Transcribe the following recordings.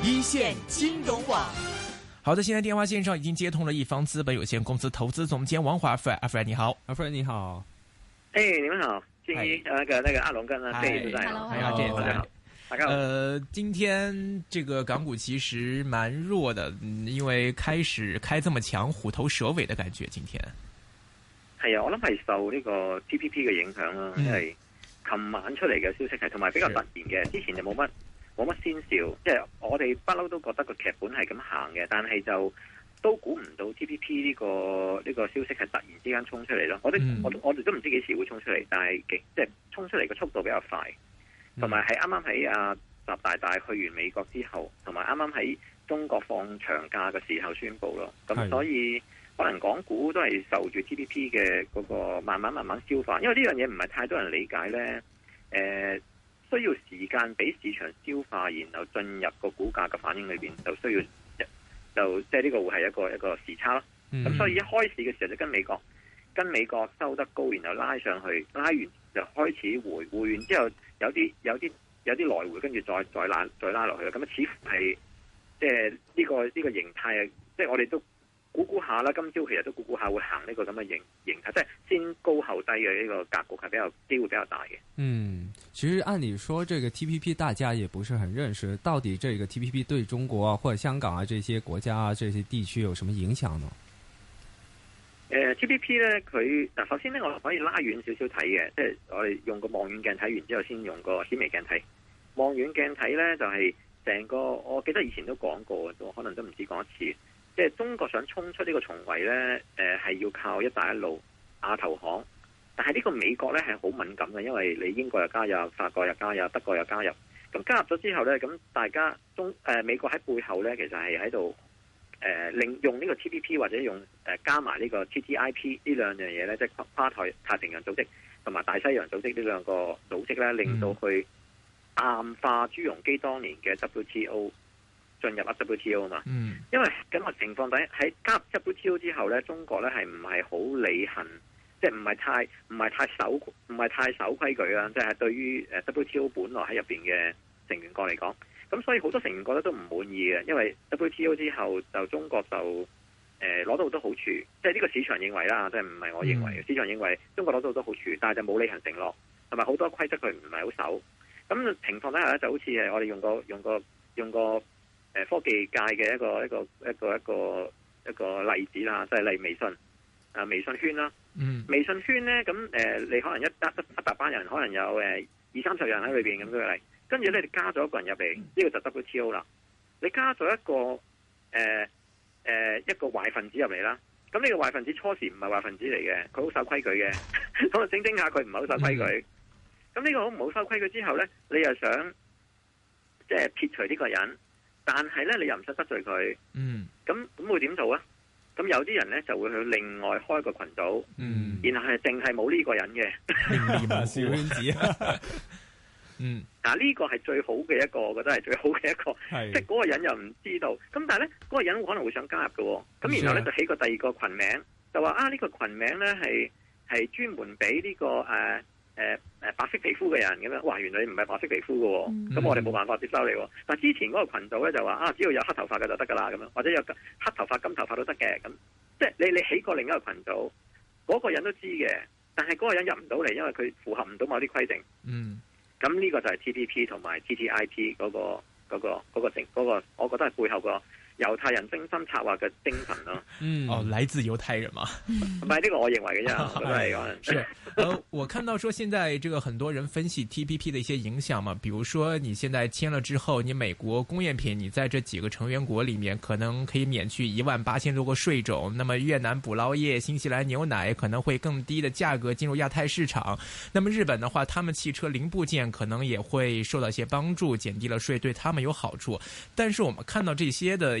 一線金融網。好的，現在電話線上已經接通了一方資本有限公司投資總監王華 Fred。阿 Fred，Fred, 你好。阿 Fred 你好。哎，hey, 你們好。金一呃，那個那個阿龍哥呢？這一次在。Hello，你好。這也是在。呃嘍，今天這個港股其實蠻弱的，因為開始開這麼強，虎頭蛇尾的感覺。今天。係啊，我諗係受呢個 TPP 嘅影響啦，嗯、因為琴晚出嚟嘅消息係，同埋比較突然嘅，是之前就冇乜。冇乜先兆，即係我哋不嬲都覺得個劇本係咁行嘅，但係就都估唔到 TPP 呢個呢個消息係突然之間沖出嚟咯。我哋我我哋都唔知幾時會沖出嚟，但係即係沖出嚟個速度比較快，同埋喺啱啱喺阿習大大去完美國之後，同埋啱啱喺中國放長假嘅時候宣布咯。咁所以可能港股都係受住 TPP 嘅嗰個慢慢慢慢消化，因為呢樣嘢唔係太多人理解咧。誒、呃。需要時間俾市場消化，然後進入個股價嘅反應裏邊，就需要就即係呢個會係一個一個時差咯。咁、mm hmm. 所以一開始嘅時候就跟美國跟美國收得高，然後拉上去，拉完就開始回，回完之後，有啲有啲有啲來回，跟住再再拉再拉落去啦。咁啊，似乎係即係呢個呢個形態啊，即係我哋都。估估下啦，今朝其實都估估下會行呢個咁嘅形形態，即係先高後低嘅呢個格局係比較機會比較大嘅。嗯，其實按理說，這個 TPP 大家也不是很認識，到底這個 TPP 對中國啊或者香港啊這些國家啊這些地區有什麼影響呢？誒、呃、TPP 咧，佢嗱，首先咧，我可以拉遠少少睇嘅，即係我哋用個望遠鏡睇完之後，先用個顯微鏡睇。望遠鏡睇咧就係、是、成個，我記得以前都講過，都可能都唔止講一次。即係中國想衝出呢個重圍呢，誒、呃、係要靠一帶一路、亞投行，但係呢個美國呢，係好敏感嘅，因為你英國又加入，法國又加入，德國又加入，咁加入咗之後呢，咁大家中誒、呃、美國喺背後呢，其實係喺度誒令用呢個 T P P 或者用誒、呃、加埋呢個 T T I P 呢兩樣嘢呢，即係跨跨台太平洋組織同埋大西洋組織呢兩個組織呢，嗯、令到佢暗化朱鎔基當年嘅 W T O。進入 WTO 啊嘛，因為咁個情況底喺加入 WTO 之後咧，中國咧係唔係好履行，即係唔係太唔係太守唔係太守規矩啦，即係對於誒 WTO 本來喺入邊嘅成員國嚟講，咁所以好多成員國咧都唔滿意嘅，因為 WTO 之後就中國就誒攞，呃，到好多好處，即係呢個市場認為啦，即係唔係我認為，嗯、市場認為中國攞到好多好處，但係就冇履行承諾，同埋好多規則佢唔係好守，咁情況底下咧就好似係我哋用個用個用個。用過誒，科技界嘅一個一個一個一個一個例子啦，即、就、係、是、例如微信啊，微信圈啦。嗯，微信圈咧，咁誒、呃，你可能一一一,一大班人，可能有誒二三十人喺裏邊咁樣嚟，跟住咧你加咗一個人入嚟，呢、這個就 WTO 啦。你加咗一個誒誒、呃呃、一個壞分子入嚟啦，咁呢個壞分子初時唔係壞分子嚟嘅，佢好守規矩嘅，咁啊、嗯、 整整一下佢唔係好守規矩。咁呢、嗯、個好唔好守規矩之後咧，你又想即係、就是、撇除呢個人？但係咧，你又唔使得罪佢，嗯，咁咁會點做啊？咁有啲人咧就會去另外開個群組，嗯，然後係淨係冇呢個人嘅，嗯，嗱呢 個係最好嘅一個，我覺得係最好嘅一個，是即係嗰個人又唔知道，咁但係咧嗰個人可能會想加入嘅，咁然後咧就起個第二個群名，就話啊呢個群名咧係係專門俾呢個誒。呃誒誒、呃，白色皮膚嘅人咁樣，哇！原來你唔係白色皮膚嘅，咁、嗯、我哋冇辦法接收你。嗯、但之前嗰個群組咧就話啊，只要有黑頭髮嘅就得噶啦，咁樣或者有黑頭髮、金頭髮都得嘅。咁即係你你起過另一個群組，嗰、嗰個人都知嘅，但係嗰個人入唔到嚟，因為佢符合唔到某啲規定。嗯，咁呢個就係 TPP 同埋 TTIP 嗰個嗰、嗰個、嗰個成嗰、嗰個嗰個嗰個，我覺得係背後個。猶太人精心策劃嘅精神呢、啊、嗯，哦，來自猶太人嘛，唔係呢個我認為嘅啫，啊、我都是、 呃、我看到說現在這個很多人分析 TPP 嘅一些影響嘛，比如說你現在簽了之後，你美國工業品你在這幾個成員國裏面可能可以免去一萬八千多個稅種，那麼越南捕撈業、新西蘭牛奶可能會更低的價格進入亞太市場，那麼日本的話，他們汽車零部件可能也會受到一些幫助，減低了稅對他們有好處，但是我們看到這些的。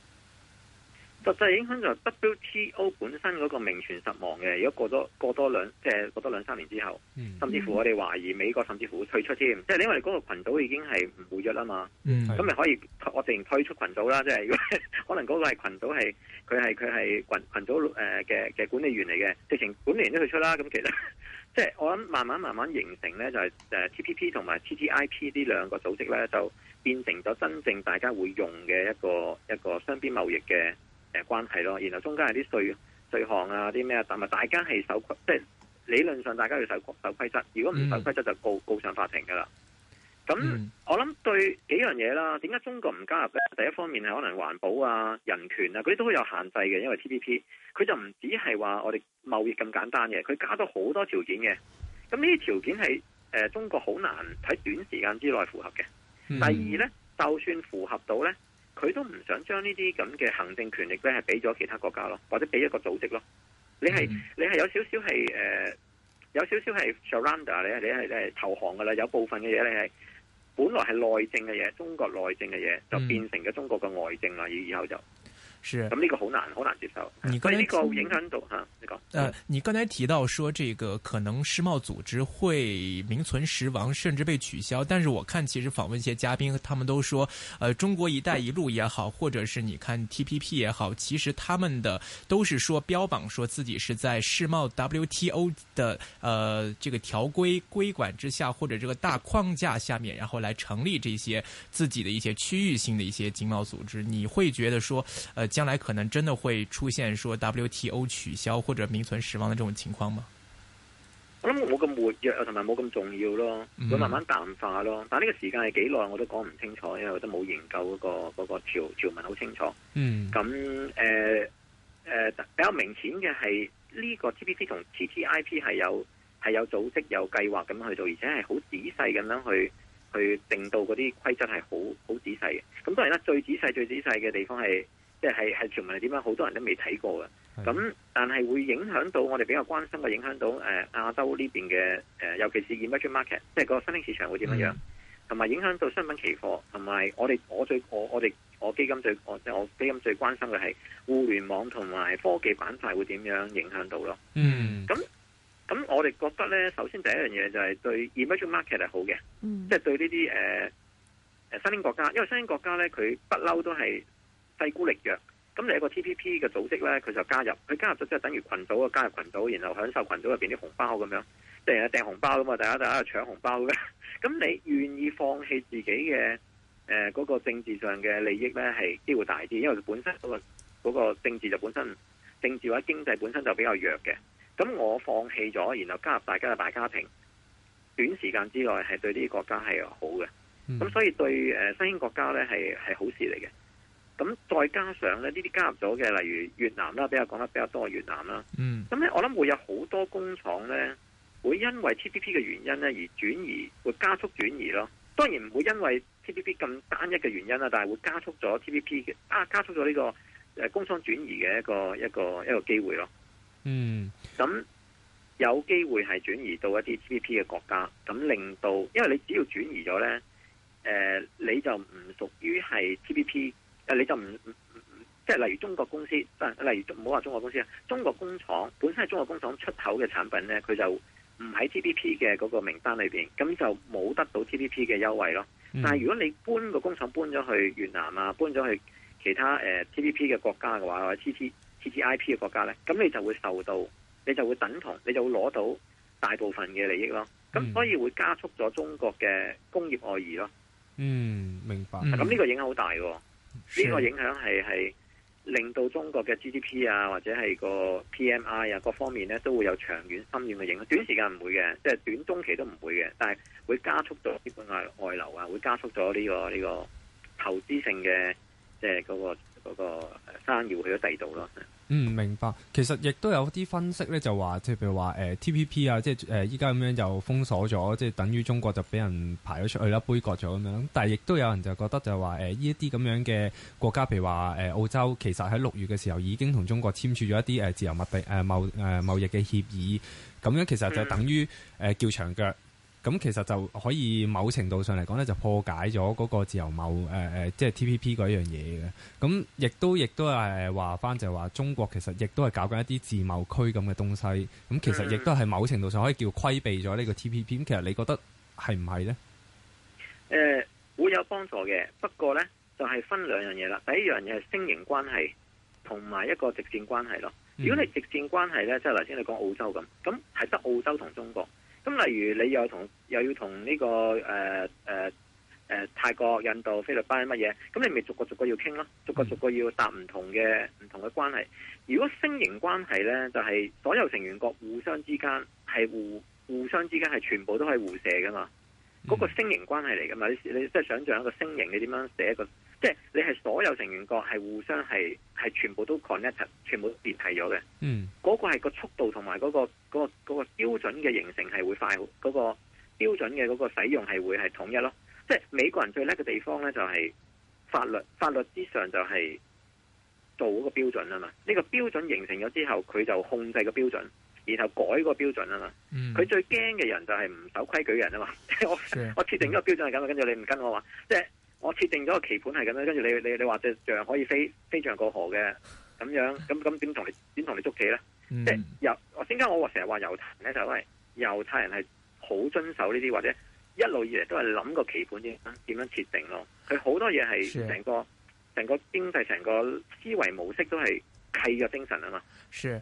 實際影響就 WTO 本身嗰個名存實亡嘅。如果過咗多，多兩，即係過多兩三年之後，嗯、甚至乎我哋懷疑美國甚至乎退出添。即係因為嗰個群組已經係唔會約啦嘛。咁咪、嗯、可以我哋退出群組啦。即係可能嗰個係群組係佢係佢係群群組誒嘅嘅管理員嚟嘅，直情管理員都退出啦。咁其實即係我諗慢慢慢慢形成呢，就係、誒、TPP 同埋 TTIP 呢兩個組織呢，就變成咗真正大家會用嘅一個一個雙邊貿易嘅。誒關係咯，然後中間有啲稅稅項啊，啲咩啊，但係大家係守規，即係理論上大家要守守規則。如果唔守規則，就告、嗯、就告上法庭噶啦。咁、嗯、我諗對幾樣嘢啦。點解中國唔加入咧？第一方面係可能環保啊、人權啊，嗰啲都會有限制嘅，因為 TPP 佢就唔只係話我哋貿易咁簡單嘅，佢加咗好多條件嘅。咁呢啲條件係誒、呃、中國好難喺短時間之內符合嘅。嗯、第二咧，就算符合到咧。佢都唔想將呢啲咁嘅行政權力咧，係俾咗其他國家咯，或者俾一個組織咯。Mm hmm. 你係你係有少少係誒，有少少係 surrender 咧，你係你係投降㗎啦。有部分嘅嘢，你係本來係內政嘅嘢，中國內政嘅嘢，就變成咗中國嘅外政啦。以後就。是咁呢個好難好難接受。所以呢個會影響到吓呢個。呃，你剛才提到說，這個可能世貿組織會名存實亡，甚至被取消。但是我看其實訪問一些嘉賓，他們都說，呃，中國一帶一路也好，或者是你看 TPP 也好，其實他們的都是說標榜說自己是在世貿 WTO 的，呃，這個條規規管之下，或者這個大框架下面，然後來成立這些自己的一些區域性的一些經貿組織。你會覺得說，呃？將來可能真的會出現說 WTO 取消或者名存實亡嘅這種情況嗎？我諗冇咁活躍同埋冇咁重要咯，會慢慢淡化咯。嗯、但呢個時間係幾耐我都講唔清楚，因為我都冇研究嗰個嗰個條條文，好清楚。咁誒誒比較明顯嘅係呢個 TPP 同 TTIP 係有係有組織有計劃咁去做，而且係好仔細咁樣去去定到嗰啲規則係好好仔細嘅。咁當然啦，最仔細最仔細嘅地方係。即係係全文係點樣，好多人都未睇過嘅。咁但係會影響到我哋比較關心嘅，影響到誒亞洲呢邊嘅誒，尤其是 emerging market，即係個新興市場會點樣，同埋、mm. 影響到商品期貨，同埋我哋我最我我哋我基金最我即係我基金最關心嘅係互聯網同埋科技板塊會點樣影響到咯。嗯、mm.，咁咁我哋覺得咧，首先第一樣嘢就係對 emerging market 係好嘅，mm. 即係對呢啲誒誒新興國家，因為新興國家咧佢不嬲都係。勢孤力弱，咁你一個 TPP 嘅組織呢，佢就加入，佢加入咗即係等於群組啊，就加入群組，然後享受群組入邊啲紅包咁樣，即係訂紅包㗎嘛，大家大家搶紅包嘅，咁你願意放棄自己嘅誒嗰個政治上嘅利益呢，係機會大啲，因為本身嗰、嗰個政治就本身政治或者經濟本身就比較弱嘅，咁我放棄咗，然後加入大家嘅大家庭，短時間之內係對啲國家係好嘅，咁、嗯、所以對誒新興國家呢，係係好事嚟嘅。咁再加上咧，呢啲加入咗嘅，例如越南啦，比較講得比較多嘅越南啦。嗯，咁咧，我諗會有好多工廠咧，會因為 T P P 嘅原因咧而轉移，會加速轉移咯。當然唔會因為 T P P 咁單一嘅原因啦，但係會加速咗 T P P 嘅啊，加速咗呢個誒工廠轉移嘅一個一個一個機會咯。嗯，咁有機會係轉移到一啲 T P P 嘅國家，咁令到因為你只要轉移咗咧，誒、呃、你就唔屬於係 T P P。你就唔唔唔即係例如中國公司，不例如，唔好話中國公司啊，中國工廠本身係中國工廠出口嘅產品咧，佢就唔喺 TPP 嘅嗰個名單裏邊，咁就冇得到 TPP 嘅優惠咯。但係如果你搬個工廠搬咗去越南啊，搬咗去其他誒、呃、TPP 嘅國家嘅話，或者 TTI、TTIP 嘅國家咧，咁你就會受到，你就會等同，你就會攞到大部分嘅利益咯。咁所以會加速咗中國嘅工業外移咯。嗯，明白。咁呢個影響好大嘅。呢個影響係係令到中國嘅 GDP 啊，或者係個 PMI 啊，各方面咧都會有長遠深遠嘅影響。短時間唔會嘅，即係短中期都唔會嘅，但係會加速咗資本外外流啊，會加速咗呢、這個呢、這個投資性嘅，即、呃、係、嗰個。嗰個生意去咗第二度咯。嗯，明白。其實亦都有啲分析咧，就話即係譬如話誒 T P P 啊，即係誒依家咁樣就封鎖咗，即係等於中國就俾人排咗出去啦，杯葛咗咁樣。但係亦都有人就覺得就話誒，呢一啲咁樣嘅國家，譬如話誒澳洲，其實喺六月嘅時候已經同中國簽署咗一啲誒自由貿易誒貿誒貿易嘅協議，嗯，咁樣其實就等於誒叫長腳。咁其實就可以某程度上嚟講咧，就破解咗嗰個自由貿誒、呃、即係 TPP 嗰樣嘢嘅。咁亦都亦都係話返，就係、是、話中國其實亦都係搞緊一啲自貿區咁嘅東西。咁其實亦都係某程度上可以叫規避咗呢個 TPP、嗯。咁其實你覺得係唔係呢？誒、呃、會有幫助嘅，不過呢，就係、是、分兩樣嘢啦。第一樣嘢係雙贏關係，同埋一個直戰關係咯。如果你直戰關係呢，即係頭先你講澳洲咁，咁係得澳洲同中國。咁例如你又同又要同呢、這個誒誒誒泰國、印度、菲律賓乜嘢，咁你咪逐個逐個要傾咯、啊，逐個逐個要搭唔同嘅唔同嘅關係。如果星形關係咧，就係、是、所有成員國互相之間係互互相之間係全部都係互射㗎嘛，嗰、嗯、個星形關係嚟㗎嘛？你你即係想像一個星形，你點樣寫一個？即係你係所有成員國係互相係係全部都 connect，ed, 全部都聯繫咗嘅。嗯，嗰個係個速度同埋嗰個嗰、嗰個、嗰個標準嘅形成係會快，嗰、嗰個標準嘅嗰個使用係會係統一咯。即係美國人最叻嘅地方咧，就係法律法律之上就係做嗰個標準啊嘛。呢、呢個標準形成咗之後，佢就控制個標準，然後改個標準啊嘛。佢、嗯、最驚嘅人就係唔守規矩嘅人啊嘛的。 我我設定咗個標準係咁啊，跟住你唔跟我話，即係。我設定咗個棋盤係咁樣，跟住你你你話隻象可以飛飛象過河嘅咁樣，咁咁點同你點同你捉棋咧？嗯、即係遊我先家，我成日話猶太咧，就係猶太人係好遵守呢啲，或者一路以嚟都係諗個棋盤啫，點樣設定咯。佢好多嘢係成個成是個經濟成個思維模式都係契約精神啊嘛。是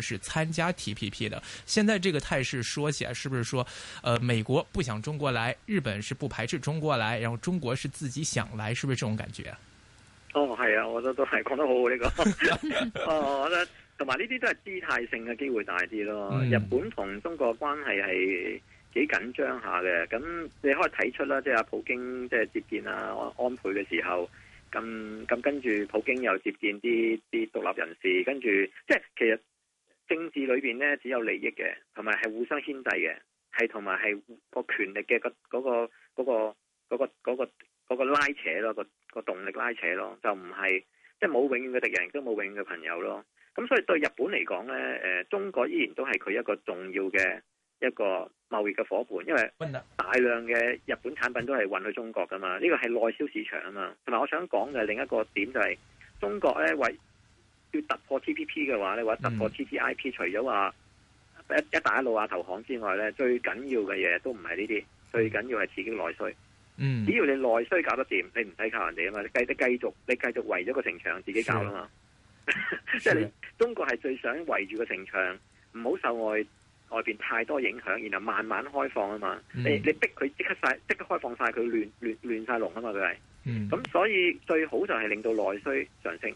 是參加 TPP 的。現在這個態勢說起來，是不是說，呃，美國不想中國來，日本是不排斥中國來，然後中國是自己想來，是不是這種感覺？哦，係啊，我覺得都係講得好好呢個。 哦，我覺得同埋呢啲都係姿態性嘅機會大啲咯。嗯、日本同中國關係係幾緊張下嘅，咁你可以睇出啦，即係阿普京即係接見啊安倍嘅時候，咁咁跟住普京又接見啲啲獨立人士，跟住即係其實。政治裏邊咧只有利益嘅，同埋係互相牽制嘅，係同埋係個權力嘅、嗰個嗰、嗰個嗰、嗰個嗰、嗰個嗰、嗰個嗰、嗰個拉扯咯，個、嗰個動力拉扯咯，就唔係即係冇永遠嘅敵人，都冇永遠嘅朋友咯。咁所以對日本嚟講呢，誒中國依然都係佢一個重要嘅一個貿易嘅伙伴，因為大量嘅日本產品都係運去中國噶嘛，呢個係內銷市場啊嘛。同埋我想講嘅另一個點就係、是、中國呢。為。要突破 TPP 嘅話咧，或者突破 TTIP、嗯、除咗話一一帶一路啊投行之外咧，最緊要嘅嘢都唔係呢啲，最緊要係自己內需。嗯，只要你內需搞得掂，你唔使靠人哋啊嘛，你繼你繼續你繼續圍咗個城牆自己搞啦嘛。即係 你中國係最想圍住個城牆，唔好受外外邊太多影響，然後慢慢開放啊嘛。嗯、你你逼佢即刻晒即刻開放晒佢亂亂亂晒龍啊嘛佢係，咁、嗯、所以最好就係令到內需上升。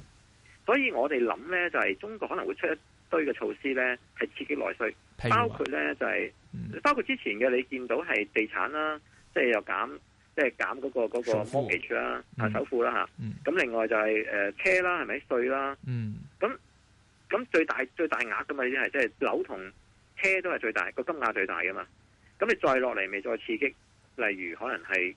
所以我哋諗呢，就係、是、中國可能會出一堆嘅措施呢係刺激內需，包括呢就係、是，嗯、包括之前嘅你見到係地產啦，即、就、係、是、又減，即係減嗰個、那個 mortgage 庫、嗯、啦，首付啦吓，咁、嗯、另外就係、是、誒、呃、車啦，係咪稅啦，咁咁、嗯、最大最大額噶嘛，依啲係即係樓同車都係最大個金額最大噶嘛，咁你再落嚟未再刺激，例如可能係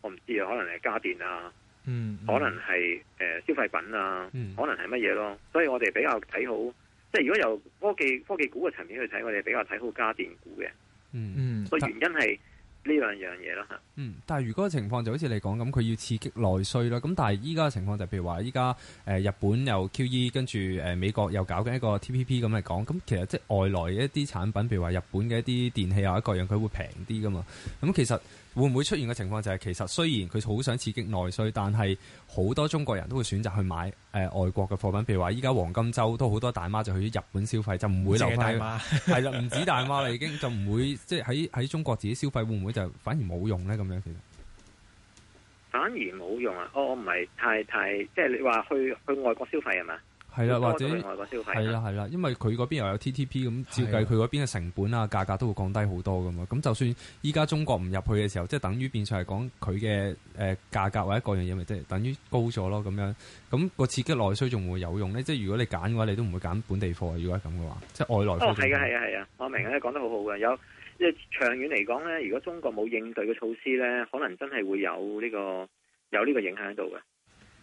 我唔知啊，可能係家電啊。嗯，嗯、可能係誒消費品啊，嗯、可能係乜嘢咯，所以我哋比較睇好，即係如果由科技科技股嘅層面去睇，我哋比較睇好家電股嘅、嗯，嗯，個原因係。呢兩樣嘢咯，嗯，但係如果個情況就好似你講咁，佢要刺激內需咯。咁但係依家嘅情況就是、譬如話，依家誒日本又 QE，跟住誒、呃、美國又搞緊一個 TPP 咁嚟講，咁、嗯、其實即係外來一啲產品，譬如話日本嘅一啲電器呀各樣，佢會平啲㗎嘛。咁、嗯、其實會唔會出現嘅情況就係、是、其實雖然佢好想刺激內需，但係好多中國人都會選擇去買誒、呃、外國嘅貨品，譬如話依家黃金周都好多大媽就去咗日本消費，就唔會留低。係啦，唔止大媽啦， 已經就唔會即係喺喺中國自己消費會唔會？就反而冇用咧咁樣。其實反而冇用啊！哦，我唔係太太，即係你話去去外國消費係嘛？係啦、啊，或者係啦係啦，因為佢嗰邊又有 TPP 咁，照計佢嗰邊嘅成本啊價格都會降低好多噶嘛。咁就算依家中國唔入去嘅時候，即係等於變相係講佢嘅誒價格或者各樣嘢，咪即係等於高咗咯咁樣。咁、咁個刺激內需仲會有用咧？即係如果你揀嘅話，你都唔會揀本地貨。如果係咁嘅話，即係外來。哦，係嘅，係啊，係啊，我明嘅，你講得好好嘅。有即係長遠嚟講咧，如果中國冇應對嘅措施咧，可能真係會有呢、呢個有呢個影響喺度嘅。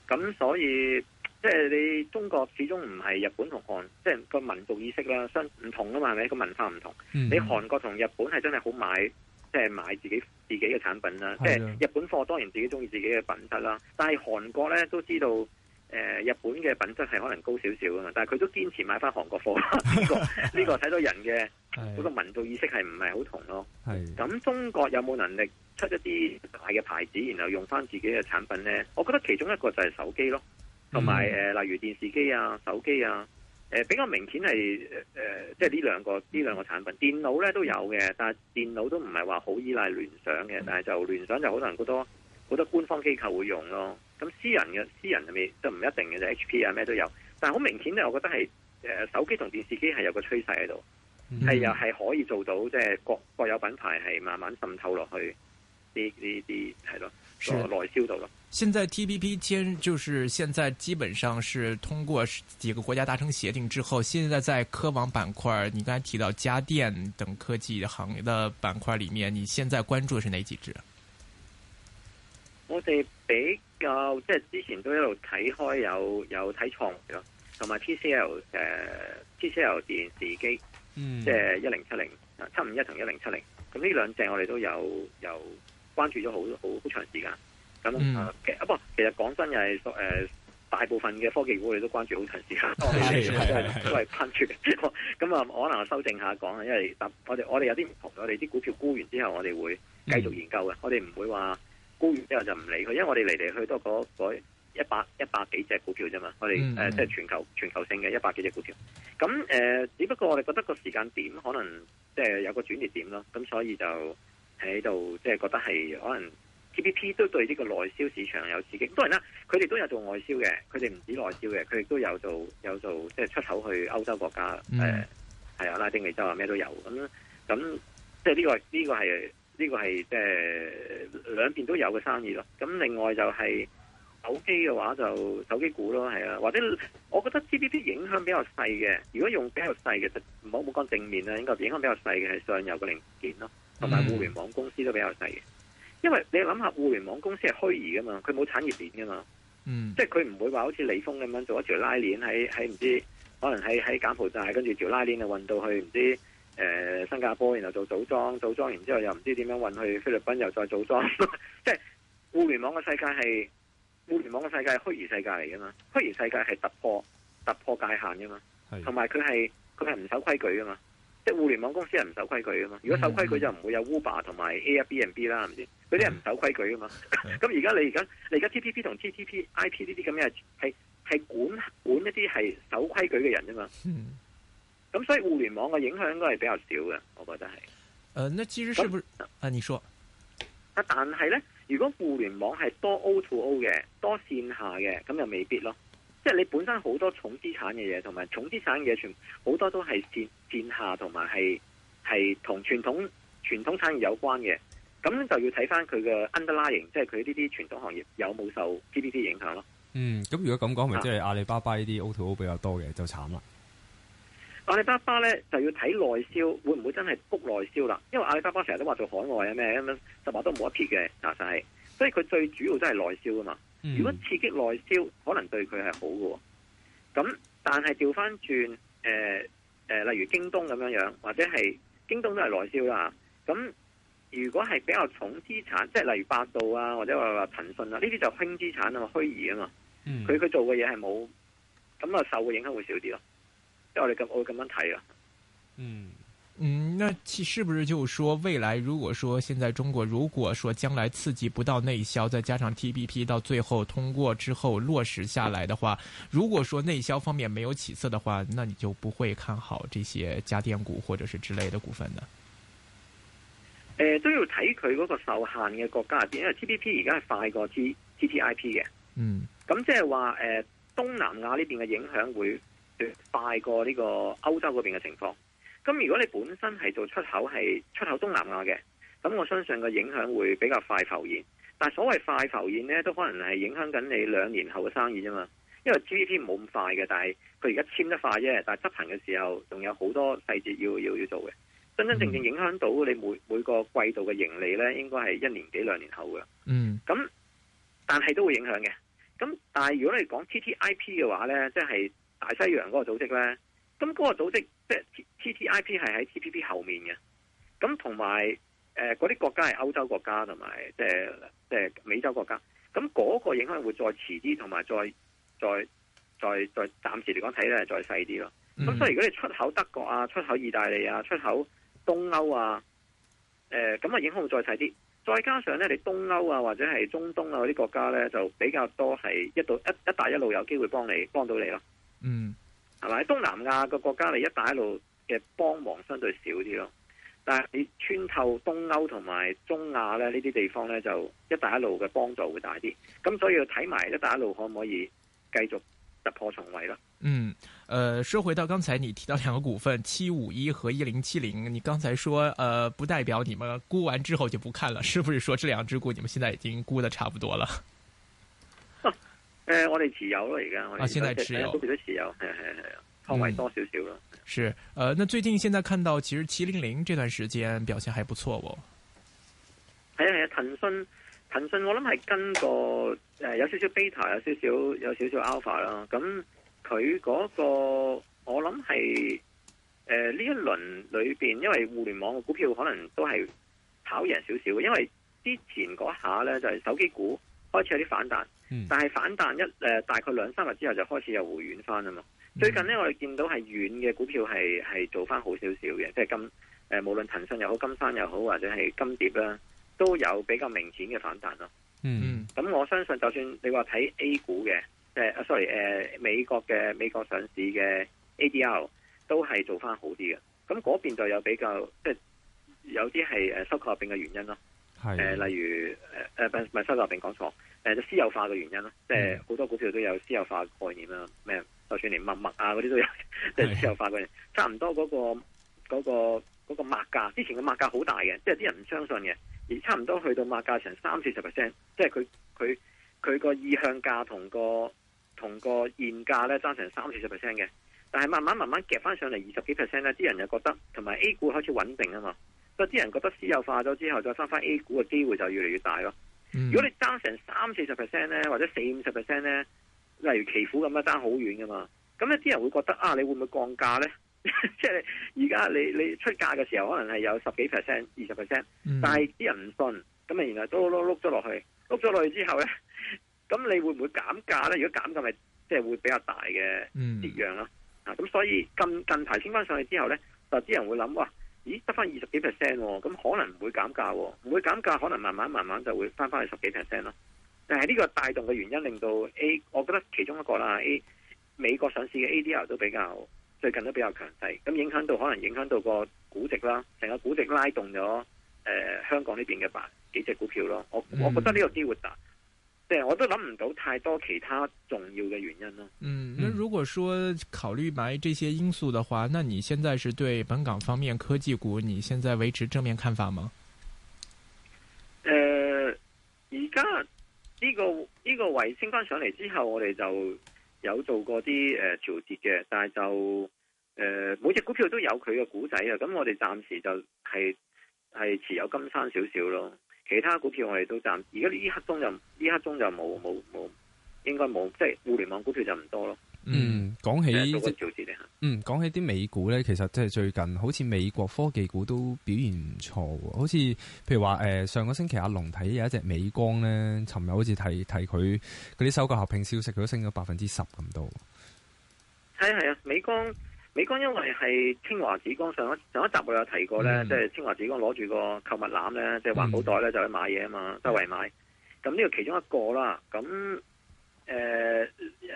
咁所以。即係你中國始終唔係日本同韓，即係個民族意識啦，相唔同啊嘛，係咪個文化唔同？嗯、你韓國同日本係真係好買，即係買自己自己嘅產品啦。的即係日本貨當然自己中意自己嘅品質啦，但係韓國呢都知道，誒、呃、日本嘅品質係可能高少少啊，但係佢都堅持買翻韓國貨。呢、 這個呢、這個睇到人嘅嗰的個民族意識係唔係好同咯。咁的中國有冇能力出一啲大嘅牌子，然後用翻自己嘅產品呢？我覺得其中一個就係手機咯。同埋誒，例如電視機啊、手機啊，誒、呃、比較明顯係誒，即係呢兩個呢兩個產品。電腦咧都有嘅，但係電腦都唔係話好依賴聯想嘅，但係就聯想就可能好多好多，好多官方機構會用咯。咁私人嘅私人係咪？都唔一定嘅，就 HP 啊咩都有。但係好明顯咧，我覺得係誒、呃、手機同電視機係有個趨勢喺度，係又係可以做到即係國國有品牌係慢慢滲透落去啲啲啲係咯。內銷度咯。現在 T P P 簽，就是現在基本上是通過幾個國家達成協定之後，現在在科網板塊，你剛才提到家電等科技行業的板塊裏面，你現在關注的是哪幾隻？我哋比較即係之前都一路睇開有有睇創維咯，同埋 T C L 誒 T C L 電視機，嗯，即係一零七零七五一同一零七零，咁呢兩隻我哋都有有。關注咗好好好長時間，咁啊，嗯、其實啊，不，其實講真又係誒，大部分嘅科技股你都關注好長時間，係係、嗯、都係關注。咁啊、嗯，我可能修正下講，因為我哋我哋有啲唔同，我哋啲股票沽完之後，我哋會繼續研究嘅，我哋唔會話沽完之後就唔理佢，因為我哋嚟嚟去都嗰嗰一百一百幾隻股票啫嘛，我哋誒即係全球全球性嘅一百幾隻股票。咁、嗯、誒，只不過我哋覺得個時間點可能即係有個轉捩點咯，咁所以就。喺度即係覺得係可能 T P P 都對呢個內銷市場有刺激。當然啦，佢哋都有做外銷嘅，佢哋唔止內銷嘅，佢哋都有做有做即係出口去歐洲國家，誒、係、嗯呃、啊拉丁美洲啊咩都有咁。咁即係呢個呢、呢個係呢、呢個係即係兩邊都有嘅生意咯。咁另外就係手機嘅話就手機股咯，係啊，或者我覺得 T P P 影響比較細嘅。如果用比較細嘅，就唔好冇講正面啦，應該影響比較細嘅係上游嘅零件咯。同埋、嗯、互聯網公司都比較細，因為你諗下，互聯網公司係虛擬噶嘛，佢冇產業鏈噶嘛，嗯，即係佢唔會話好似利豐咁樣做一條拉鏈喺喺唔知，可能喺喺柬埔寨跟住條拉鏈就運到去唔知誒、呃、新加坡，然後做組裝，組裝完之後又唔知點樣運去菲律賓又再組裝，嗯、 即係互聯網嘅世界，係互聯網嘅世界係虛擬世界嚟噶嘛，虛擬世界係突破突破界限噶嘛，同埋佢係佢係唔守規矩噶嘛。即係互聯網公司係唔守規矩噶嘛？如果守規矩就唔會有 Uber 同埋 Air B and B 啦、嗯，係咪先？嗰啲人唔守規矩噶嘛？咁而家你而家你而家 T P P 同 T T I P 呢啲咁嘅係係管管一啲係守規矩嘅人啫嘛？咁、嗯、所以互聯網嘅影響應該係比較少嘅，我覺得係。誒、呃，那其實是不是啊，那你說。但係咧，如果互聯網係多 O to O 嘅，多線下嘅，咁又未必咯。即係你本身好多重資產嘅嘢，同埋重資產嘅嘢，全好多都係線線下，同埋係係同傳統傳統產業有關嘅。咁就要睇翻佢嘅 underlying，即係佢呢啲傳統行業有冇受 TPP 影響咯。嗯，咁如果咁講，咪即係阿里巴巴呢啲 auto 比較多嘅就慘啦。阿里巴巴咧就要睇內銷，會唔會真係谷內銷啦？因為阿里巴巴成日都話做海外啊咩咁樣，就話都冇一撇嘅嗱曬，所以佢最主要都係內銷啊嘛。嗯、如果刺激內銷，可能對佢係好嘅。咁但係調返轉，誒、呃、誒、呃，例如京東咁樣樣，或者係京東都係內銷啦。咁如果係比較重資產，即係例如百度啊，或者話話騰訊啊，呢啲就輕資產啊嘛，虛擬啊嘛。佢佢、嗯、做嘅嘢係冇，咁啊受嘅影響會少啲咯。即係我哋咁我咁樣睇啊。嗯。嗯，那其是不是就說未來如果說現在中國如果說將來刺激不到內銷，再加上 T P P 到最後通過之後落實下來的話，如果說內銷方面沒有起色的話，那你就不會看好這些家電股或者是之類的股份呢？呃，都要睇佢嗰個受限嘅國家係邊，因為 P 現在是 T, T P P 而家係快過 T T T I P 嘅。嗯，咁即係話誒，東南亞呢邊嘅影響會快過呢個歐洲嗰邊嘅情況。咁如果你本身係做出口，係出口東南亞嘅，咁我相信個影響會比較快浮現。但係所謂快浮現咧，都可能係影響緊你兩年後嘅生意啫嘛。因為 GDP 冇咁快嘅，但係佢而家簽得快啫。但係執行嘅時候，仲有好多細節要要要做嘅，真真正正影響到你每每個季度嘅盈利咧，應該係一年幾兩年後嘅。嗯，咁但係都會影響嘅。咁但係如果你講 TTIP 嘅話咧，即係大西洋嗰個組織咧，咁嗰個組織。即係 T T I P 係喺 T P P 後面嘅，咁同埋誒嗰啲國家係歐洲國家同埋即係即係美洲國家，咁嗰個影響會再遲啲，同埋再再再再暫時嚟講睇咧，係再細啲咯。咁所以如果你出口德國啊，出口意大利啊，出口東歐啊，誒咁啊影響會再細啲。再加上咧，你東歐啊或者係中東啊嗰啲國家咧，就比較多係一到一一帶一路有機會幫你幫到你咯。嗯。喺東南亞嘅國家嚟，一帶一路嘅幫忙相對少啲咯，但係你穿透東歐同埋中亞咧呢啲地方咧，就一帶一路嘅幫助會大啲。咁所以要睇埋一帶一路可唔可以繼續突破重圍咯。嗯，誒、呃，說回到剛才你提到兩個股份七五一和一零七零，你剛才說，誒、呃，不代表你們估完之後就不看了，是不是？說這兩隻股你們現在已經估得差不多了？誒、呃，我哋持有咯，而家我哋都變咗持有，係係係，倉位、嗯嗯、多少少咯。是，誒、呃，那最近現在看到其實七零零這段時間表現還不錯喎、哦。係啊係啊，騰訊騰訊我諗係跟個誒、呃、有少少 beta 有少少有少少 alpha 啦、那個。咁佢嗰個我諗係誒呢一輪裏邊，因為互聯網嘅股票可能都係跑贏少少嘅，因為之前嗰下咧就係、是、手機股。開始有啲反彈，但係反彈一誒、呃、大概兩三日之後就開始又回軟翻啊嘛。最近呢，我哋見到係軟嘅股票係係做翻好少少嘅，即係金誒、呃、無論騰訊又好、金山又好，或者係金蝶啦，都有比較明顯嘅反彈咯。嗯，嗯，咁我相信就算你話睇 A 股嘅，即係啊 sorry 誒、呃、美國嘅美國上市嘅 ADR 都係做翻好啲嘅。咁嗰邊就有比較即係有啲係誒收購合併嘅原因咯。是呃、例如誒誒，唔、呃、係收窄，並講錯。誒，私有化嘅原因啦，即係好多股票都有私有化概念啦。咩？就算連密密啊嗰啲都有，都係私有化嗰啲。是的 差唔多嗰、嗰個嗰物價，之前個物價好大嘅，即係啲人唔相信嘅，而差唔多去到物價成三四十 percent，即係佢佢佢個意向價同個同個現價咧爭成三四十 percent 嘅。但係慢慢慢慢夾翻上嚟二十幾 percent 咧，啲人又覺得同埋 A 股開始穩定啊嘛。即啲人覺得私有化咗之後，再翻翻 A 股嘅機會就越嚟越大咯 如果你爭成三四十 percent 咧，或者四五十 percent 咧，例如期股咁樣爭好遠噶嘛，咁咧啲人會覺得啊，你會唔會降價咧？即係而家你你出價嘅時候，可能係有十幾 percent、二十 percent，但係啲人唔信，咁啊，然後碌碌碌咗落去，碌咗落去之後咧，咁你會唔會減價咧？如果減價，咪即係會比較大嘅跌揚啦。啊，咁所以近近排升翻上去之後咧，就啲人會諗哇，咦，得翻二十幾 percent 喎，咁可能唔會減價，唔會減價，可能慢慢慢慢就會翻翻去十幾 percent 咯。但係呢個帶動嘅原因令到 A，我覺得其中一個啦 A 美國上市嘅 ADR 都比較最近都比較強勢，咁影響到可能影響到個估值啦，成個估值拉動咗、呃、香港呢邊嘅百幾隻股票咯。我我覺得呢個機會大。即係我都諗唔到太多其他重要嘅原因咯。嗯，那如果說考慮埋這些因素的話，那你現在是對本港方面科技股，你現在維持正面看法嗎？誒、呃，而家呢個呢、這個維升翻上嚟之後，我哋就有做過啲誒、呃、調節嘅，但係就誒、呃、每隻股票都有佢嘅故仔啊。咁我哋暫時就係、是、係持有金山少少咯。其他股票我哋都賺，而家呢一刻鐘就呢刻鐘就冇冇冇，應該冇，即係互聯網股票就唔多咯。嗯，講起對、就是、嗯講起啲美股咧，其實即係最近好似美國科技股都表現唔錯，好似譬如話誒、呃、上個星期阿龍睇有一隻美光咧，尋日好似提提佢嗰啲收購合併消息，佢都升咗百分之十咁多。係啊係啊，美光。美光因為係清華紫光上一上一集我有提過咧，嗯、即係清華紫光攞住個購物籃咧，嗯、即係環保袋咧就去買嘢啊嘛，周圍、嗯、買。咁呢個其中一個啦，咁誒、呃、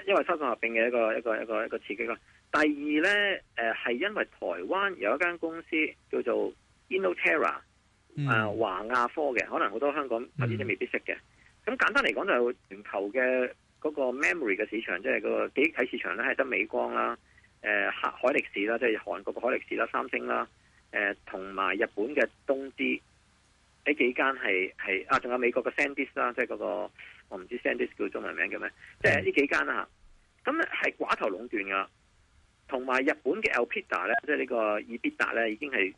因為收購合併嘅一個一個一個一個，一個刺激啦。第二咧誒係因為台灣有一間公司叫做 Innotera 啊、嗯呃、華亞科嘅，可能好多香港投資者都未必識嘅。咁、嗯、簡單嚟講就係全球嘅嗰個 memory 嘅市場，即係個記憶體市場咧係得美光啦。誒海、呃、海力士啦，即係韓國個海力士啦、三星啦，誒同埋日本嘅東芝，呢幾間係係啊，仲有美國嘅 SanDisk 啦，即係嗰個我唔知 SanDisk 叫中文名叫咩，嗯、即係呢幾間啊。咁咧係寡頭壟斷噶，同埋日本嘅 Elpida 咧，即係呢個、Elpida 咧已經係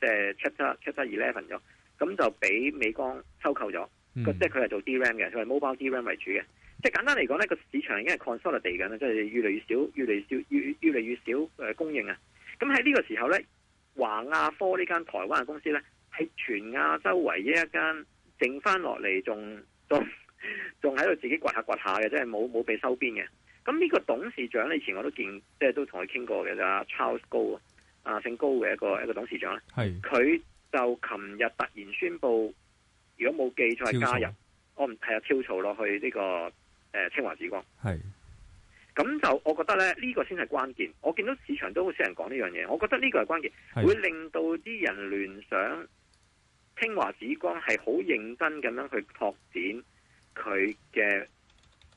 即係 chapter chapter 11咗，咁就俾美光收購咗。嗯、即係佢係做 DRAM 嘅，佢係 Mobile DRAM 為主嘅。即係簡單嚟講，呢個市場已經係 consolidate 緊啦，即係越嚟越少，越嚟越少，越越嚟越少誒供應啊！咁喺呢個時候呢，華亞科呢間台灣嘅公司呢，係全亞洲唯一一間剩翻落嚟，仲仲仲喺度自己掘下掘下嘅，即係冇冇被收編嘅。咁呢個董事長呢，以前我都見，即係都同佢傾過嘅，就 Charles 高啊，姓高嘅一個一個董事長咧。佢是就琴日突然宣佈，如果冇記錯係加入，我唔睇下，跳槽落去呢、這個。誒，清華紫光係，咁是就我覺得咧呢、這個先係關鍵。我見到市場都好少人講呢樣嘢，我覺得呢個係關鍵，是會令到啲人聯想清華紫光係好認真咁樣去拓展佢嘅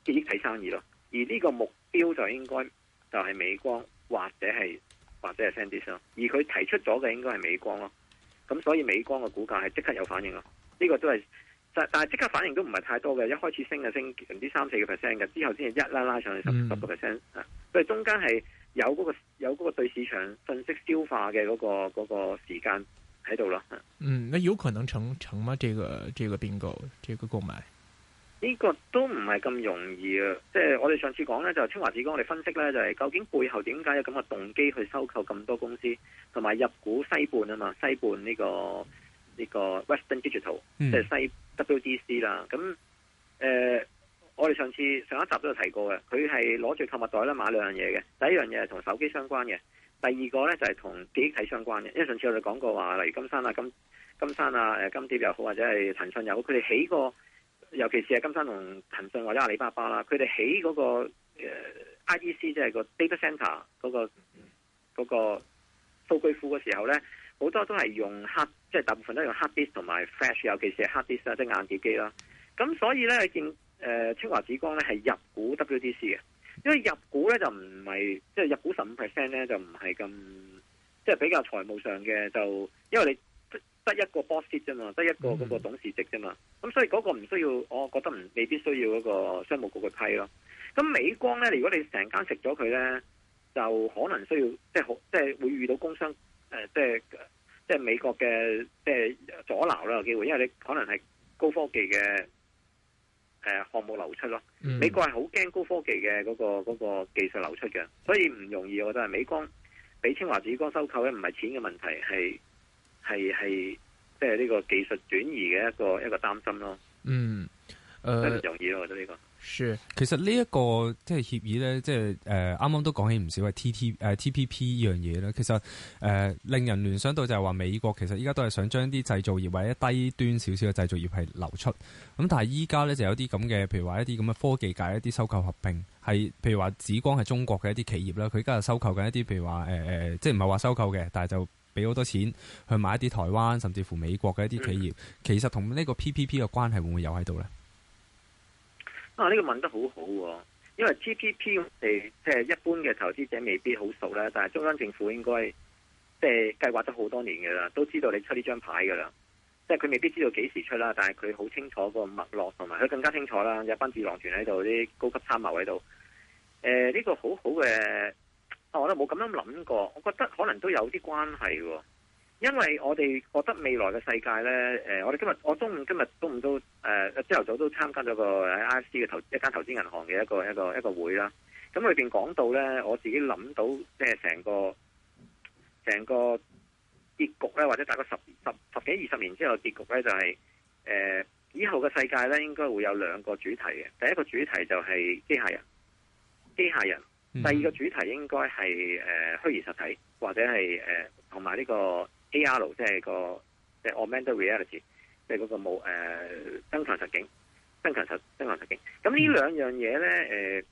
記憶體生意咯。而呢個目標就應該就係美光或者係或者係 SanDisk 咯。而佢提出咗嘅應該係美光咯，咁所以美光嘅股價係即刻有反應咯。呢、這個都係。但係即刻反應都唔係太多嘅，一開始升嘅升近啲三四個 percent 嘅，之後先係一拉拉上去十十個 percent 啊！所以中間係有嗰、那個有嗰個對市場信息消化嘅嗰、那個嗰、那個時間喺度咯。啊、嗯，那有可能成成嗎？呢個這個並購，這個購呢、這個這個、個都唔係咁容易啊！即、就、係、是、我哋上次講呢，就清青華紫光，我哋分析呢，就係、是、究竟背後點解有咁嘅動機去收購咁多公司，同埋入股西半啊嘛，西半呢、這個呢、這個 Western Digital，、嗯、即係西。WDC 啦，咁誒、呃，我哋上次上一集都有提過嘅，佢係攞住購物袋咧買兩樣嘢嘅，第一樣嘢係同手機相關嘅，第二個咧就係同記憶體相關嘅，因為上次我哋講過話，例如金山啊、金金山啊、誒金蝶又好，或者係騰訊又好，佢哋起個，尤其是係金山同騰訊或者阿里巴巴啦，佢哋起嗰個誒、呃、IDC 即係個 data center 嗰、那個嗰、那個數據庫嘅時候咧。好多都係用黑，即係大部分都用黑 disk 同埋 flash，尤其是係黑 disk 啊，即係硬碟機啦。咁所以咧，見誒清華紫光咧係入股 WDC 嘅，因為入股咧就唔係即係入股十五 percent 咧就唔係咁，即係比較財務上嘅就，因為你得一個 boss 啫嘛，得一個嗰個董事席啫嘛，咁所以嗰個唔需要，我覺得唔未必需要嗰個商務局去批咯。咁美光咧，如果你成間食咗佢咧，就可能需要即係好即係會遇到工商。誒、呃，即係即係美國嘅，即係阻撓啦，有機會，因為你可能係高科技嘅誒項目流出咯。嗯、美國係好驚高科技嘅、嗰個、嗰個技術流出嘅，所以唔容易。我覺得係美光俾清華紫光收購咧，唔係錢嘅問題，係係係即係呢個技術轉移嘅一個一個擔心咯。嗯，誒、呃，容易咯，我覺得呢個。是，起少是 TP,、呃這，其實呢一個即係協議咧，即係誒，啱啱都講起唔少係 T T 誒 T P P 呢樣嘢咧。其實誒，令人聯想到就係話美國其實依家都係想將啲製造業或者低端少少嘅製造業係流出。咁但係依家咧就有啲咁嘅，譬如話一啲咁嘅科技界一啲收購合併係，譬如話紫光係中國嘅一啲企業啦，佢依家係收購緊一啲譬如話誒誒，即係唔係話收購嘅，但係就俾好多錢去買一啲台灣甚至乎美國嘅一啲企業。嗯、其實同呢個、PP、P P P 嘅關係會唔會有喺度咧？啊！呢、這個問得很好好，啊，因為 TPP 我哋即係一般嘅投資者未必好熟啦，但係中央政府應該即係計劃咗好多年嘅啦，都知道你出呢張牌噶啦，即係佢未必知道幾時出啦，但係佢好清楚個脈絡同埋佢更加清楚啦，有班智囊團喺度，啲高級參謀喺度。誒、呃、呢、這個很好好嘅，啊，我都冇咁樣諗過，我覺得可能都有啲關係，啊。因為我哋覺得未來嘅世界呢，誒，我哋今日我中午今日中午都，誒，朝頭早都參加咗個 I C 嘅投一間投資銀行嘅一個一個一個會啦。咁裏邊講到呢，我自己諗到即係成個成個結局呢，或者大概十十十幾二十年之後嘅結局呢，就係誒以後嘅世界呢應該會有兩個主題嘅。第一個主題就係機械人，機械人。嗯、第二個主題應該係誒虛擬實體，或者係同埋呢個。A. R. 即係個即係 Augmented Reality，即係嗰個冇誒增強實境、增強實增強實境。咁呢兩樣嘢咧，誒、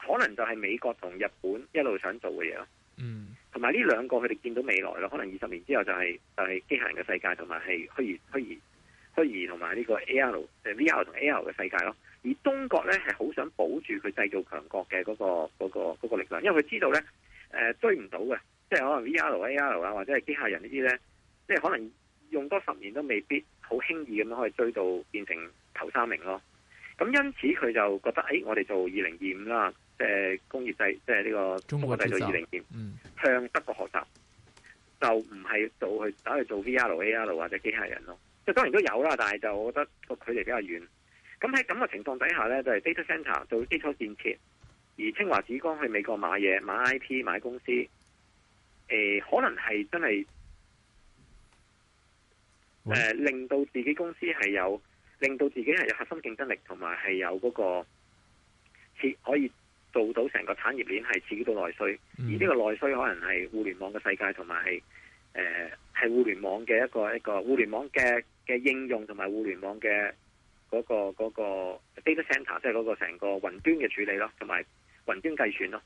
呃、可能就係美國同日本一路想做嘅嘢咯。嗯，同埋呢兩個佢哋見到未來咯，可能二十年之後就係、是、就係、是、機械人嘅世界，同埋係虛擬虛擬虛擬，同埋呢個 A. R. 誒 V. R. 同 A. R. 嘅世界咯。而中國咧係好想保住佢製造強國嘅嗰個、嗰個、嗰個、嗰個嗰個力量，因為佢知道咧誒、呃、追唔到嘅。即係可能 V R A R 啊，AR、或者係機械人這些呢啲咧，即係可能用多十年都未必好輕易咁樣可以追到變成頭三名咯。咁因此佢就覺得，誒、欸，我哋做二零二五啦，即係工業製，即係呢個 25, 中國製造二零二五，向德國學習，嗯、就唔係做去打去做 V R A R 或者機械人咯。即當然都有啦，但係就我覺得個距離比較遠。咁喺咁嘅情況底下咧，就係、是、data center 做基礎建設，而清華紫光去美國買嘢，買 I P，買公司。誒、呃，可能係真係誒、呃，令到自己公司係有，令到自己係有核心競爭力，同埋係有嗰、那個，切可以做到成個產業鏈係刺激到內需，嗯、而呢個內需可能係互聯網嘅世界，同埋係誒係互聯網嘅一個一個互聯網嘅嘅應用，同埋互聯網嘅嗰、那個嗰、那個、那個、data center，即係嗰個成個雲端嘅處理咯，同埋雲端計算咯。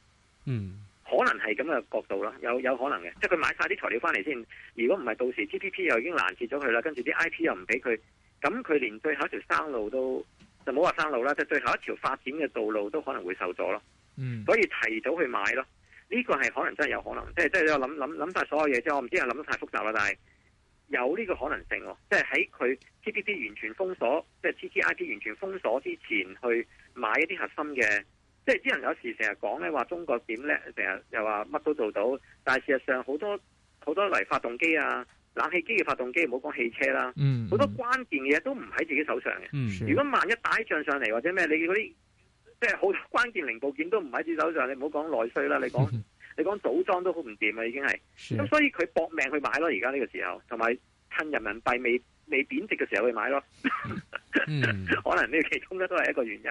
嗯。可能係咁嘅角度啦，有有可能嘅，即係佢買晒啲材料翻嚟先。如果唔係，到時 TPP 又已經攔截咗佢啦，跟住啲 I P 又唔俾佢，咁佢連最後一條生路都就冇話生路啦，即係最後一條發展嘅道路都可能會受阻咯。嗯，所以提早去買咯，呢個係可能真係有可能，即係即係我諗諗諗晒所有嘢即係，我唔知係諗得太複雜啦，但係有呢個可能性喎，即係喺佢 TPP 完全封鎖，即係 TTIP 完全封鎖之前，去買一啲核心嘅。即係啲人有時成日講咧，話中國點叻，成日又話乜都做到，但係事實上好多好多嚟發動機啊、冷氣機嘅發動機，唔好講汽車啦，好、嗯、多關鍵嘢都唔喺自己手上嘅。嗯、如果萬一打仗上嚟或者咩，你嗰啲即係好多關鍵零部件都唔喺自己手上，你唔好講內需啦，你講你講組裝都好唔掂啊，已經係。咁的所以佢搏命去買咯，而家呢個時候，同埋趁人民幣未未貶值嘅時候去買咯，嗯、 可能呢其中咧都係一個原因。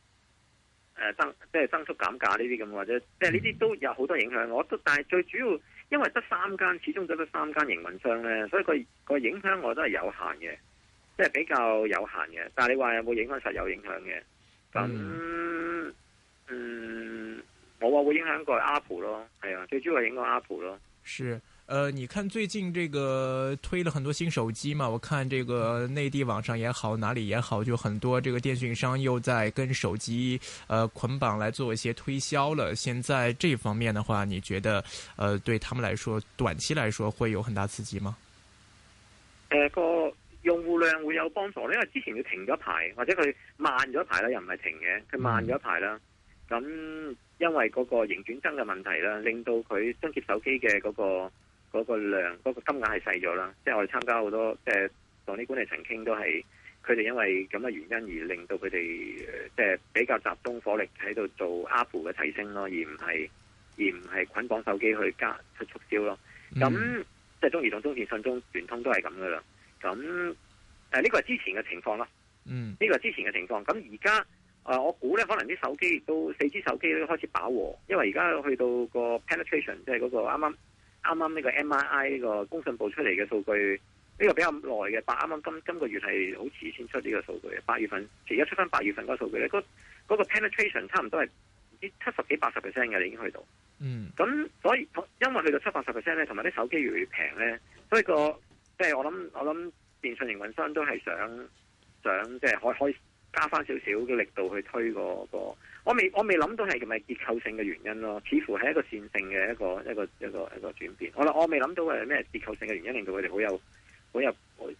誒、呃、增即係增速減價呢啲咁，或者即係呢啲都有好多影響。我都，但係最主要因為得三間，始終得得三間營運商咧，所以佢個影響我都係有限嘅，即係比較有限嘅。但係你話有冇影響？實有影響嘅。咁嗯，冇啊、嗯，會影響個阿普咯，係啊，最主要係影響阿普咯。係。呃，你看最近這個推了很多新手機嘛？我看這個內地網上也好，哪裏也好，就很多這個電訊商又在跟手機，呃捆綁來做一些推銷了。現在這方面的話，你覺得，呃對他們來說，短期來說會有很大刺激嗎？呃個用戶量會有幫助，因為之前佢停咗一排，或者佢慢咗一排啦，又唔係停嘅，佢慢咗一排啦。咁、嗯、因為嗰個營轉增嘅問題啦，令到佢升級手機嘅嗰、那個。嗰個量嗰、嗰個金額係細咗啦，即係我哋參加好多，即係當啲管理層傾都係，佢哋因為咁嘅原因而令到佢哋即係比較集中火力喺度做 ARPU 嘅提升咯，而唔係而唔係捆綁手機去加速促銷咯。咁、mm hmm. 即係中移動中、中電信、中聯通都係咁噶啦。咁呢個係之前嘅情況啦。嗯、mm，呢、hmm. 個係之前嘅情況。咁而家我估咧可能啲手機都四支手機都開始飽和，因為而家去到個 penetration 即係嗰個啱啱。啱啱呢個 MII 呢個工信部出嚟嘅數據，呢、這個比較耐嘅，八啱啱今今個月係好似先出呢個數據，八月份而家出翻八月份嗰、那個數據咧，嗰個 penetration 差唔多係唔知七十幾八十 percent 嘅，已經去到。嗯，咁所以因為去到七八十 percent 咧，同埋啲手機越嚟越平咧，所以，越越所以、那個即係、就是、我諗我諗電信營運商都係想想即係開開始。加翻少少嘅力度去推個、那個，我未我未諗到係咪結構性嘅原因咯，似乎係一個線性嘅一個一個一個一個轉變。我諗，我未諗到係咩結構性嘅原因令到佢哋好有好有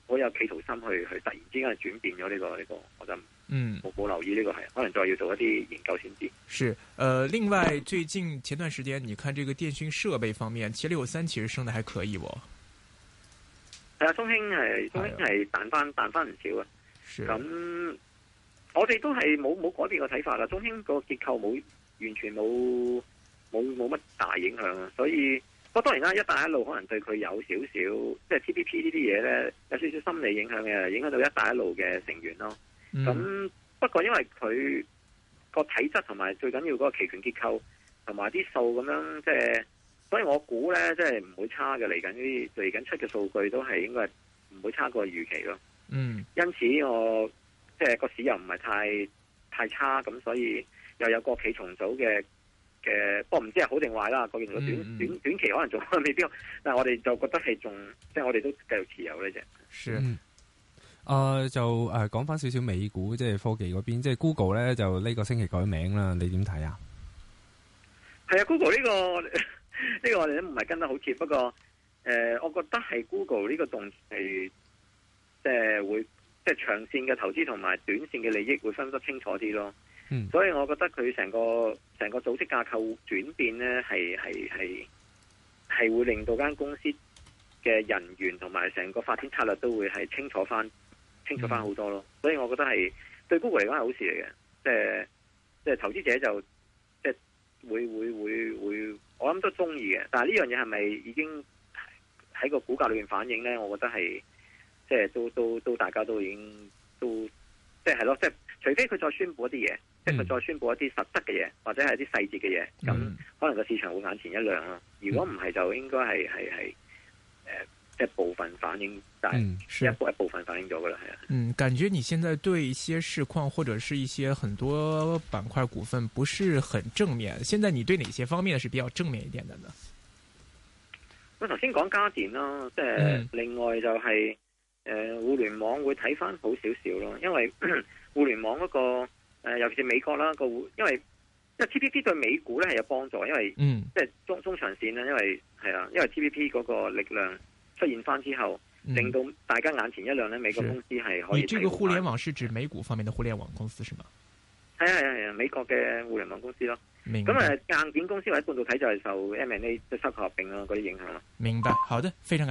好有企圖心去去突然之間轉變咗呢、這個呢、這個，我就嗯冇冇留意呢個係，嗯、可能再要做一啲研究先知。是，呃，另外最近前段時間，你看這個電信設備方面，七六三其實升得還可以，哦，喎。係啊，中興係中興係彈翻彈翻唔少啊，咁是。我哋都係冇冇改變個睇法啦，中興個結構冇完全冇冇冇乜大影響啊，所以不過當然啦，一帶一路可能對佢有少少即係 TPP 呢啲嘢咧，有少少心理影響嘅，影響到一帶一路嘅成員咯。咁、嗯、不過因為佢個體質同埋最緊要嗰個期權結構同埋啲數咁樣，即係所以我估咧，即係唔會差嘅，嚟緊呢啲，嚟緊出嘅數據都係應該唔會差過預期咯。嗯，因此我。即係個市又唔係太太差，咁所以又有國企重組嘅嘅，不過唔知係好定壞啦。國企重組短、嗯、短短期可能仲未必，但係我哋就覺得係仲，即係我哋都繼續持有呢啫，啊，就誒講翻少少美股，即係科技嗰邊，即係 Google 咧，就呢個星期改名啦，你點睇啊？係啊，Google 呢、這個呢 個我哋都唔係跟得好貼，不過誒、呃，我覺得係 Google 呢個動係即係會。即係長線嘅投資同埋短線嘅利益會分得清楚啲咯，嗯、所以我覺得佢成個成個組織架構轉變咧，係係係係會令到間公司嘅人員同埋成個發展策略都會係清楚翻、清楚翻好多咯。嗯、所以我覺得係對 Google 嚟講係好事嚟嘅，即係即係投資者就即係、就是、會會會會，我諗都中意嘅。但係呢樣嘢係咪已經喺個股價裏面反映咧？我覺得係。即係都都都，大家都已經都，即係係咯，即係除非佢再宣布一啲嘢，即係佢再宣布一啲實質嘅嘢，或者係啲細節嘅嘢，咁、嗯、可能個市場會眼前一亮咯。如果唔係，就應該係係係誒，即係、呃、部分反映，嗯、但係一一部分反映咗㗎喇係啊。嗯，感覺你現在對一些市況或者是一些很多板塊股份不是很正面。現在你對哪些方面是比較正面一點的呢？我頭先講家電啦，即係、嗯、另外就係、是。誒、呃，互聯網會睇翻好少少咯，因為互聯網嗰、那個誒、呃，尤其是美國啦，個因為因為 T P P 對美股咧係有幫助，因為嗯，即係中中長線咧，因為係啊，因為 T P P 嗰個力量出現翻之後，嗯、令到大家眼前一亮咧，美國公司係可以。你這個互聯網是指美股方面嘅互聯網公司是嗎？係啊係啊係啊，美國嘅互聯網公司咯。咁啊明白、呃，硬件公司或者半導體就係受 M&A 即係收購合併啊嗰啲影響咯。明白，好的，非常感